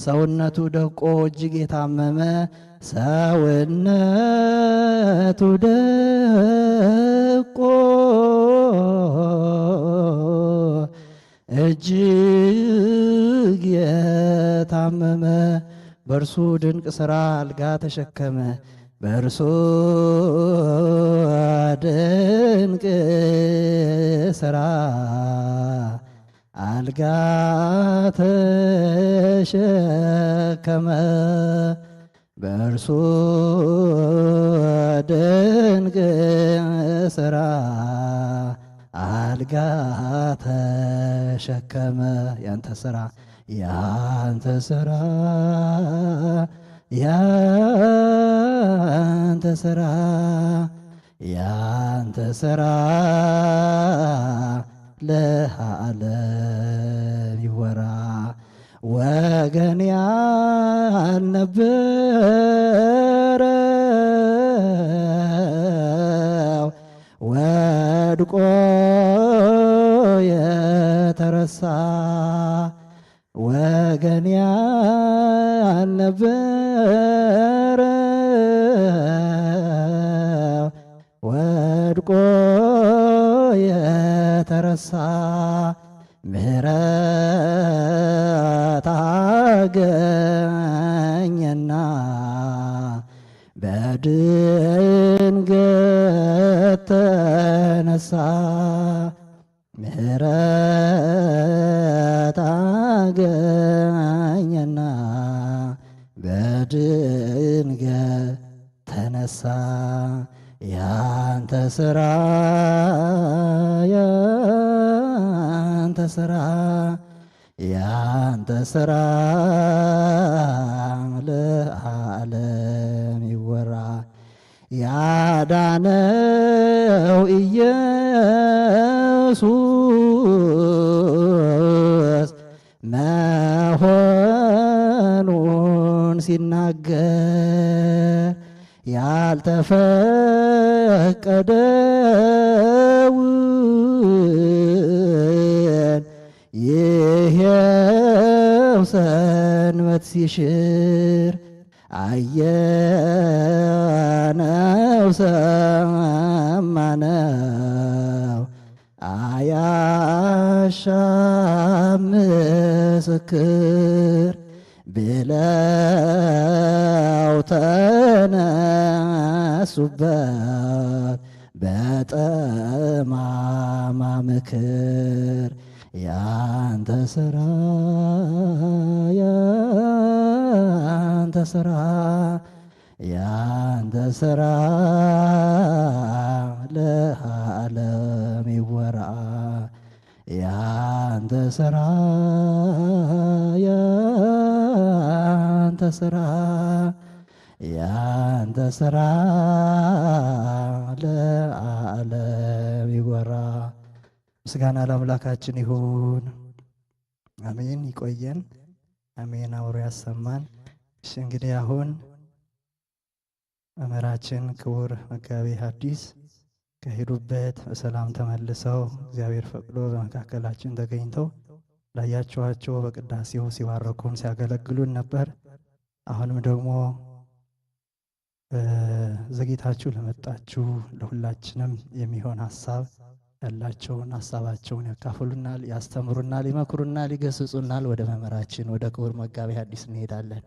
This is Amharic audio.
ሰውነቱ ደቆ እጅግ የታመመ ሰውነቱ ደቆ እጅግ የታመመ በእርሱ ድንቅ ሥራ አልጋ ተሸከመ። በእርሱ ድንቅ ሥራ አልጋ ተሸከመ በእርሱ ድንቅ ስራ አልጋ ተሸከመ ያንተ ስራ ያንተ ስራ ያንተ ስራ ያንተ ስራ ለዓለም ይወራ ወገን ያልነበረው ወድቆ የተረሳ ወገን ያልነበረው ወድቆ ተነሳ ምሕረት አገኘና በድንገት ተነሳ ምሕረት አገኘና በድንገት ተነሳ ያንተ ስራ ስራ ያንተ ስራ ለዓለም ይወራ። ያዳነው ኢየሱስ መሆኑን ሲናገር ያልተፈቀደው ይሄው ሰንበት ሲሽር አየነው ሰማነው አያሻም ምስክር ብለው ተነሱበት በጠማማ ምክር ያንተ ስራ ያንተ ስራ ያንተ ስራ ለዓለም ይወራ ያንተ ስራ ያንተ ስራ ያንተ ስራ ለዓለም ይወራ ምስጋና ለአምላካችን ይሁን። አሜን። ይቆየን። አሜን። አውሮ ያሰማን። እሺ እንግዲህ አሁን መምህራችን ክቡር መጋቤ ሐዲስ ከሄዱበት በሰላም ተመልሰው እግዚአብሔር ፈቅዶ በመካከላችን ተገኝተው ላያችኋቸው በቅዳሴው ሲባረኩን ሲያገለግሉን ነበር። አሁንም ደግሞ ዘግይታችሁ ለመጣችሁ ለሁላችንም የሚሆን ሀሳብ ያላቸውን ሀሳባቸውን ያካፍሉናል፣ ያስተምሩናል፣ ይመክሩናል፣ ይገስጹናል። ወደ መምህራችን ወደ ክቡር መጋቤ ሐዲስ እንሄዳለን።